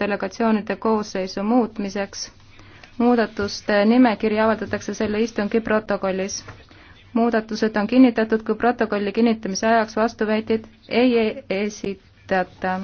delegatsioonide koosseisu muutmiseks. muudatuste nimekiri avaldatakse selle istungi protokollis. muudatused on kinnitatud, kui protokolli kinnitamise ajaks vastuväiteid ei esitata.